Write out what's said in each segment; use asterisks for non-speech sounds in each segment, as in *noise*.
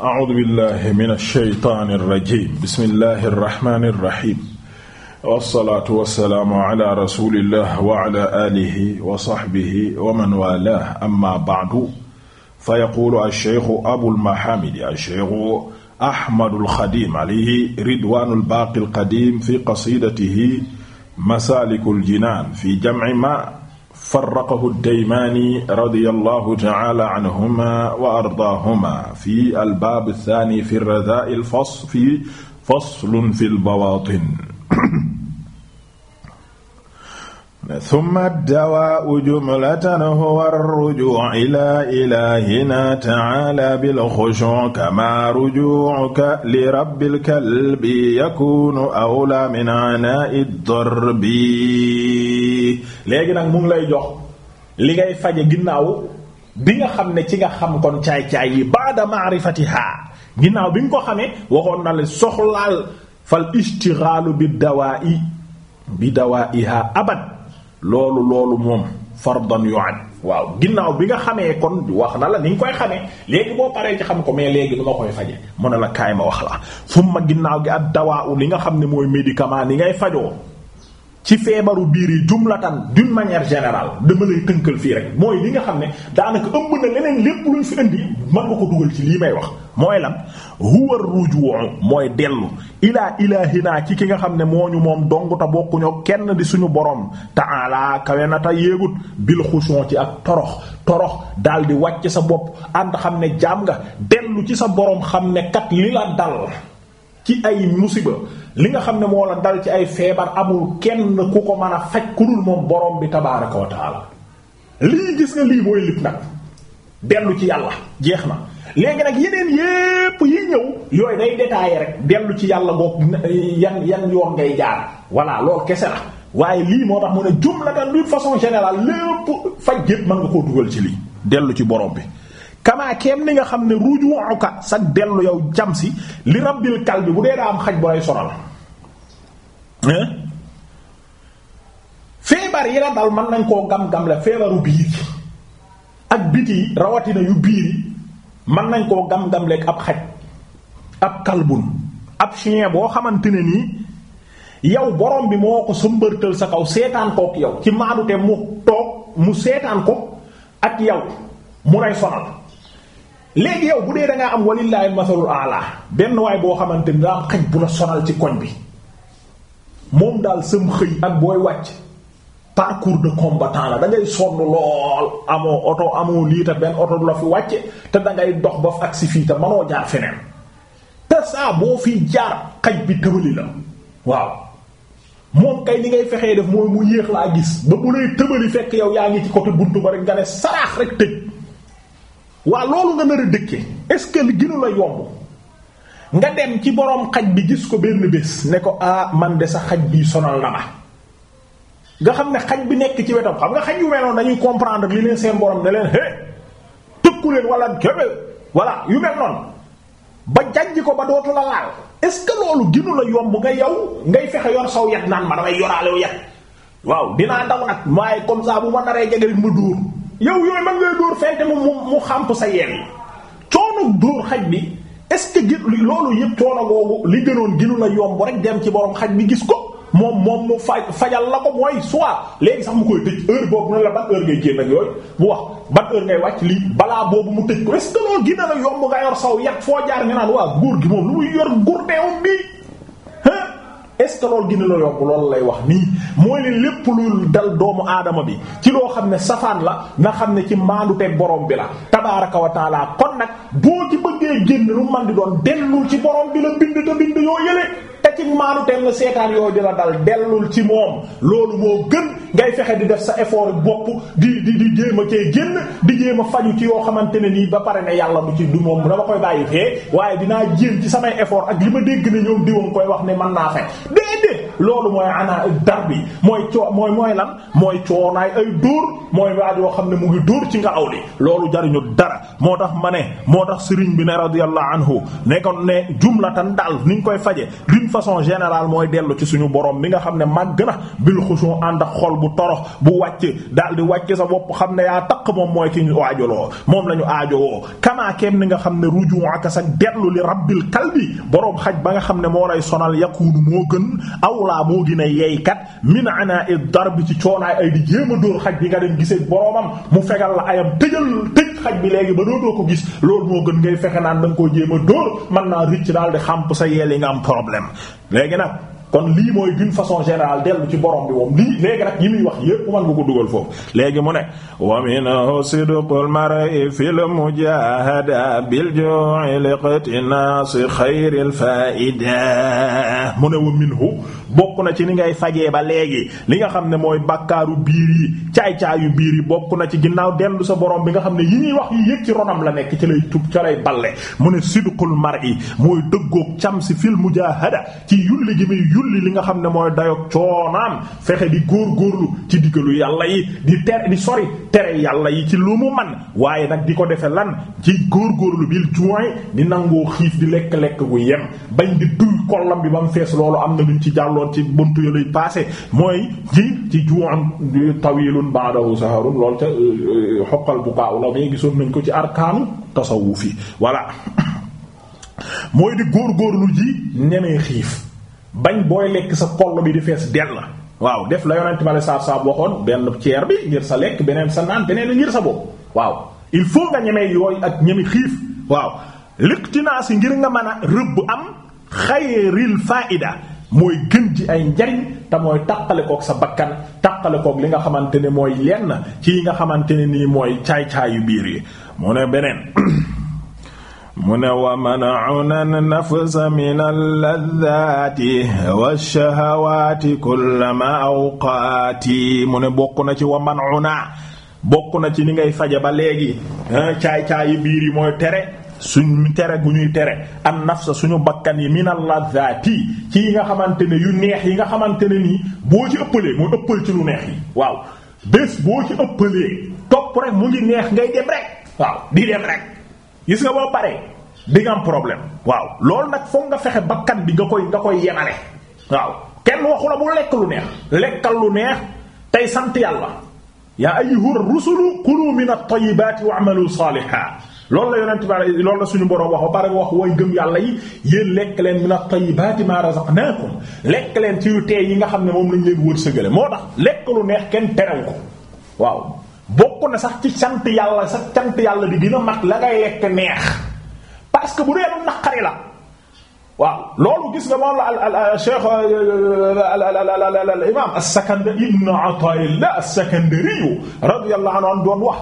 a'uudu billahi mina shaytaani rajiim bismillahi rahmaani rahiim wassalaatu wassalaamu ala rasulillah wa ala aalihi wa sahbihi wa man waalaahu amma ba'du fa yaquulu ash-shaykhu abul mahaamidi ash-shaykhu ahmadul xadiim alayhi ridwaanul baaqil qadiim fi qasiidatihi masaalikul jinaan fi jam'i maa farraqahu ad-Daymaani radiyallahu ta'ala anhuma wa ardaahuma fi al-baab ath-thaani fi ar-radaa'i al-fasl fi faslun fi al-bawaatin thumma ad-dawaa'u jumlatan huwa ar-rujuu'u ilaa ilaahinaa ta'aalaa bil-khushuu'i kamaa rujuu'uka li rabbil kalbi yakuunu awlaa min 'anaa'i ad-darbi léegi nag mu ngi lay jox li ngay faje ginnaaw bi nga xam ne ci nga xam kon caay-caay yi baada ma'rifatiha ginnaaw bi nga ko xamee waxoon na la soxlaal fal istighalu bi dawaa'i bi dawaa'iha abad loolu loolu moom fardan yu'ad waaw ginnaaw bi nga xamee kon wax na la ni nga koy xamee léegi boo paree ci xam ko mais léegi du koy faje mu ne la kaay ma wax la fu ma gi at dawaa u li nga xam ne mooy médicament ni ngay fajoo ci feebaru biir yi jumlatan d'une manière générale dama lay tënkal fii rek mooy li nga xam ne daanaka ëmb na leneen lépp luñ fi indi mën nga ko dugal ci lii may wax mooy lan huwa ruju'u mooy dellu ilaa ilaahina ci ki nga xam ne moo ñu moom donguta bokkuñoo kenn di suñu borom ta'ala kawe na ta yéegut bil ci ak torox torox daal di wàcc sa bopp ànd xam ne jaam nga dellu ci sa borom xam ne kat li la dal ci ay musiba li nga xam ne moo la dal ci ay feebar amul kenn ku ko mën a faj ku dul moom borom bi tabaaraka wa lii gis nga lii mooy lit nag dellu ci yàlla jeex na léegi nag yeneen yépp yi ñëw yooyu day détaillé rek dellu ci yàlla boog yan yan yoon ngay jaar voilà loolu kese la waaye lii moo tax mu ne jumlatan d'une façon générale lépp faj yépp mën nga koo dugal ci lii dellu ci borom bi kamaa keem ni nga xam ne rujuuka sa dellu yow jam si li rabbil bi bu dee daa am xaj bu lay sonal feebar yi la dal mën nañ koo gam-gam feebaru biir ak biti rawatina yu biir yi mën nañ koo gam-gam ab xaj ab kalbun ab chien boo xamante ne nii yow boroom bi moo ko sëmbërtal sa kaw seetaan kook yow ci maadute mu toog mu seetaan ko ak yow mu lay sonal léegi yow bu dee da ngaa am walillahi masalul ala benn waay boo xamante ni daa am xaj bu la sonal ci koñ bi moom daal sam xëy ak booy wàcc parcours de combattant la da ngay sonn lool amoo oto amoo lii te benn oto du la fi wàcce te da ngay dox ba ak si fii te manoo jaar feneen te saa boo fi jaar xaj bi tëbali la waaw moom kay li ngay fexee def mooy mu yéex laa gis ba bu lay tëbali fekk yow yaa ngi ci côté bunt ba rek nga ne saraax rek tëj waa loolu nga nar a dëkke est-ce que li gënu la yomb nga dem ci boroom xaj bi gis ko benn bés ne ko ah man de sa xaj bi sonal na ma nga xam ne xaj bi nekk ci wetam xam nga xaj yu mel noonu dañuy comprendre li leen seen borom ne leen hé tëkku leen wala yu mel noonu ba jàjj ko ba dootu la laal est-ce que loolu gënu la yomb nga yow ngay fexe yor saw yat naan ma damay yoraalew yat waaw dinaa daw nag waaye comme ça bu ma naree jege rek ma dóor yow yooyu man ngay dóor fente mu mu xàmp sa yeel coono dóor xaj bi est-ce que gi loolu yëpp coono googu li gënoon ginu la yomb rek dem ci borom xaj bi gis ko moom moom mu faj fajal la ko mooy soit léegi sax mu koy tëj heure boobu na la ban heure ngay génn ak yooyu bu wax ban heure ngay wàcc lii balaa boobu mu tëj ko est-ce que loolu gina la yomb nga yor saw yàq foo jaar nga naan waa góor gi moom lu muy yor gurdeewum bii est-ce que la yomb loolu lay wax nii mooy ne lépp lu dal doomu aadama bi ci loo xam ne safaan la nga xam ne ci maanduteeg boroom bi la tabaaraka wa taala kon nag boo ci bëggee génn lu man di doon dellu ci borom bi la bind te bind yoo yële te ci maanu teel na seetaan yooyu di la dal dellul ci moom loolu moo gën ngay fexe di def sa effort bopp di di di jéem a cee génn di jéem a faju ci yoo xamante ne nii ba pare ne yàlla bu ci du moom dama koy bàyyi fee waaye dinaa jéem ci samay effort ak li ma dégg na ñoom diwam koy wax ne man naa fekk loolu mooy ana dar bi mooy coo mooy mooy lan mooy coonaay ay dóor mooy waa joo xam ne mu ngi dóor ci nga aw li loolu jariñu dara moo tax ma ne moo tax sëriñ bi ne radiyallahu anhu ne ko ne jumlatan daal ni ñu koy faje d'une façon générale mooy dellu ci suñu borom mi nga xam ne màgg na bil xushu ànd ak xol bu torox bu wàcc daal di wàcc sa bopp xam ne yaa taq moom mooy ki ñu aajoloo moom la ñu aajowoo kamaa keem ni nga xam ne ruju'aka sa dellu li rabbil kalbi borom xaj ba nga xam ne moo lay sonal yakunu moo gën aw boo moo gën a yeykat min ana i dar bi ci coonaay ay di jéem a dóor xaj bi nga dem gisee boroomam mu fegal la ayam tëjal tëj xaj bi léegi ba dootoo ko gis loolu moo gën ngay fexe naan da nga koo jéem a dóor mën naa ricc daal di xàmp sa yeel yi nga am problème léegi nag kon lii mooy d'une façon générale dellu ci borom bi moom lii léegi nag yi muy wax yépp man nga ko dugal foofu léegi mu ne wa minhu sidqul mar'i fil mujahada bil ju'i liqtinas xayril bokk na ci ni ngay fajee ba léegi li nga xam ne mooy bakkaaru biir yi caay-caayu biir yi bokk na ci ginnaaw dellu sa borom bi nga xam ne yi ñuy wax yi yépp ci ronam la nekk ci lay tub ca lay balle mu ne sidqul mar'i mooy dëggoog cam si fil ci yulli gi muy julli li nga xam ne mooy dayoog coonaam fexe di góor góorgóorlu ci diggalu yàlla yi di ter di sori tere yàlla yi ci lu mu man waaye nag di ko defe lan ci góor góorlu bi juwaay di nangoo xiif di lekk-lekk gu yem bañ di duy kollam bi ba mu fees loolu am na luñ ci jàlloon ci buntu yoluy passé mooy ci ci juwan tawilun ba'dahu saharun loolu ca euh, xoqal bu kaaw la mais gisoon nañ ko ci arkaanu tasawuf yi voilà *coughs* mooy di góorgóorlu ji ñemee xiif bañ booy lekk sa kollo bi di fees dell waaw def la yonent bale saab saab waxoon benn ceer bi ngir sa lekk beneen sa naan beneen ngir sa bopp waaw il faut nga ñemee yooyu ak ñemi xiif waaw liqtinaa si ngir nga mën a rëbb am xayril ida mooy gën ci ay njariñ te mooy taqale kook sa bakkan taqale kook li nga xamante ne mooy lenn ci yi nga xamante ne nii mooy caay yu biir yi moo ne beneen mu ne wa man'una nafsa min alladhaati washahawaati kullama awqaati mu ne bokk na ci wa man'una bokk na ci ni ngay faje ba léegi caay yi biir yi mooy tere suñ tere gu ñuy tere an nafsa suñu bakkan yi min alladhaati ci yi nga xamante ne yu neex yi nga xamante ne nii boo ci ëppalee mooy ëppal ci lu neex yi waaw bés boo ci ëppalee topp rek mu ngi neex ngay dem rek waaw di dem rek gis nga boo paree di nga am problème waaw loolu nag foog nga fexe bakkan bi nga koy nga koy yemale waaw kenn waxu la bu lekk lu neex lekkal lu neex tey sant yàlla yaa ayyuhur rusulu kulu min at-tayyibati wa'malu salihan loolu la yonent ba loolu la suñu boroom wax ba pare wax way gëm yàlla yi yéen lekk leen min at-tayyibati ma razaqnakum lekk leen ci yu tee yi nga xam ne moom lañ leen wërsëgale moo tax lekk lu neex kenn terew ko waaw bokk na sax ci sant yàlla sax sant yàlla bi dina mat la ngay lekk neex parce que bu dee lu naqari la waaw loolu gis nga moom la al al cheikh al imam as-Sakandari ibn Ata'illah as-Sakandari radiyallahu anhu doon wax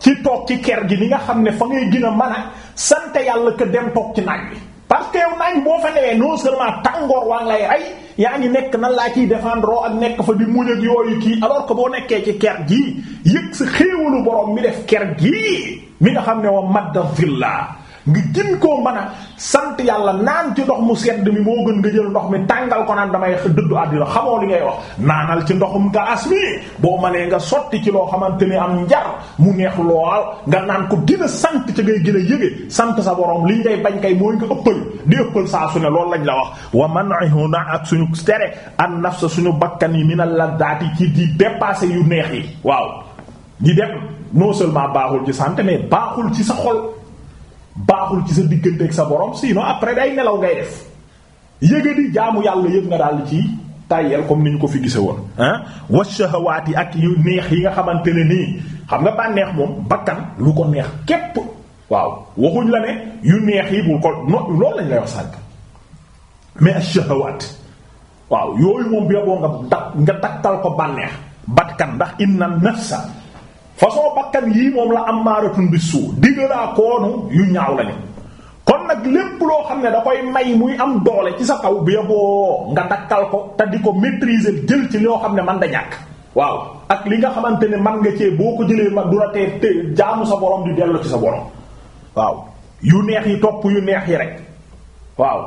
ci toog ci kër gi li nga xam ne fa ngay gën a mën a sant yàlla que dem toog ci naaj bi parce que yow boo fa newee non seulement tàngoor waa ngi lay rey yaa ngi nekk nan laa ciy défendre ak nekk fa di muñ ak yooyu kii alors que boo nekkee ci ker gii yëg sa xéewalu borom mi def ker gii mi nga xam ne wa madda villa nga gën koo mën a sant yàlla naan ci ndox mu sedd mi moo gën nga jël ndox mi tàngal ko naan damay dëddu àddina xamoo li ngay wax naanal ci ndoxum ka as mi boo mënee nga sotti ci loo xamante ni am njar mu neex lool nga naan ko gën a sant ci ngay gën a yëge sant sa boroom li ngay bañ kay mooy nga ëppal di ëppal saa su ne loolu lañ la wax wa man'ihuna ak suñu tere an sa suñu bakkan yi min al-ladati ci di dépasser yu neex yi waaw di dem non baaxul ci santé mais baaxul ci sa xol baaxul ci sa diggante ak sa borom sinon après day nelaw ngay def yëga di jaamu yàlla yëpp nga daal ci tàyyel comme ni ñu ko fi gise woon ah wa shahawaati ak yu neex yi nga xamante ne nii xam nga bànneex moom bakkan lu ko neex képp waaw waxuñ la ne yu neex yi bul ko loolu lañ lay wax sànk mais shahawaat waaw yooyu moom bi nga da nga taktal ko bànneex bakkan ndax inna nafsa façon bakkan yii moom la amaaratun bi suu diggalaa koonu yu ñaaw lañu kon nag lépp loo xam ne da koy may muy am doole ci sa kaw bi boo nga dakkal ko te di ko maîtriser jël ci loo xam ne man da ñàkk waaw ak li nga xamante ne man nga cee boo ko jëlee mag du la tee te jaamu sa borom di dellu ci sa borom waaw yu neex yi topp yu neex yi rek waaw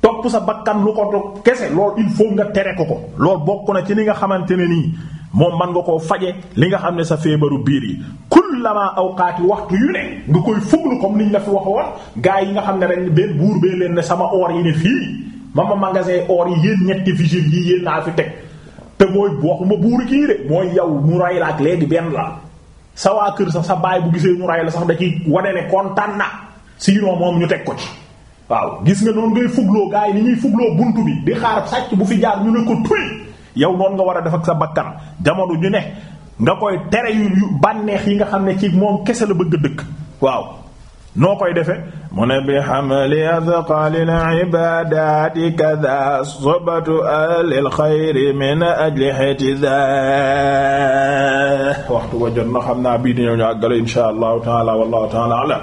topp sa bakkan lu ko do kese loolu il faut nga tere ko ko loolu bokk na ci li nga xamante ne nii moom man nga koo faje li nga xam ne sa feebaru biir yi kullama awqaati waxtu yu ne nga koy fuglu comme niñ la fi waxoon gaa yi nga xam ne dañ benn buur bee leen ne sama or yi ne fii ma ma magasin or yi yéen ñetti vigiles yi yéen naa fi teg te mooy waxuma buur kii de mooy yow mu ray la ak léegi benn la sawaa kër sax sa baay bu gisee ñu ray la sax da ci wane ne kontaan na sinon moom ñu teg ko ci waaw gis nga noonu ngay fugloo gaa yi ni ñuy fugloo buntu di xaar sàcc bu fi jaar ñu ko yow noonu nga war a def ak sa bakkan jamono ñu ne nga koy tere yu bànneex yi nga xam ne ci moom kese la bëgg dëkk waaw noo koy defe mu ne bi hamli athqalil ibadati kadha sobatu alil xayri min ajlihati dha waxtu wa jot na xam naa bii di ñëw ñu àggale insha allahu taala wallahu taala alam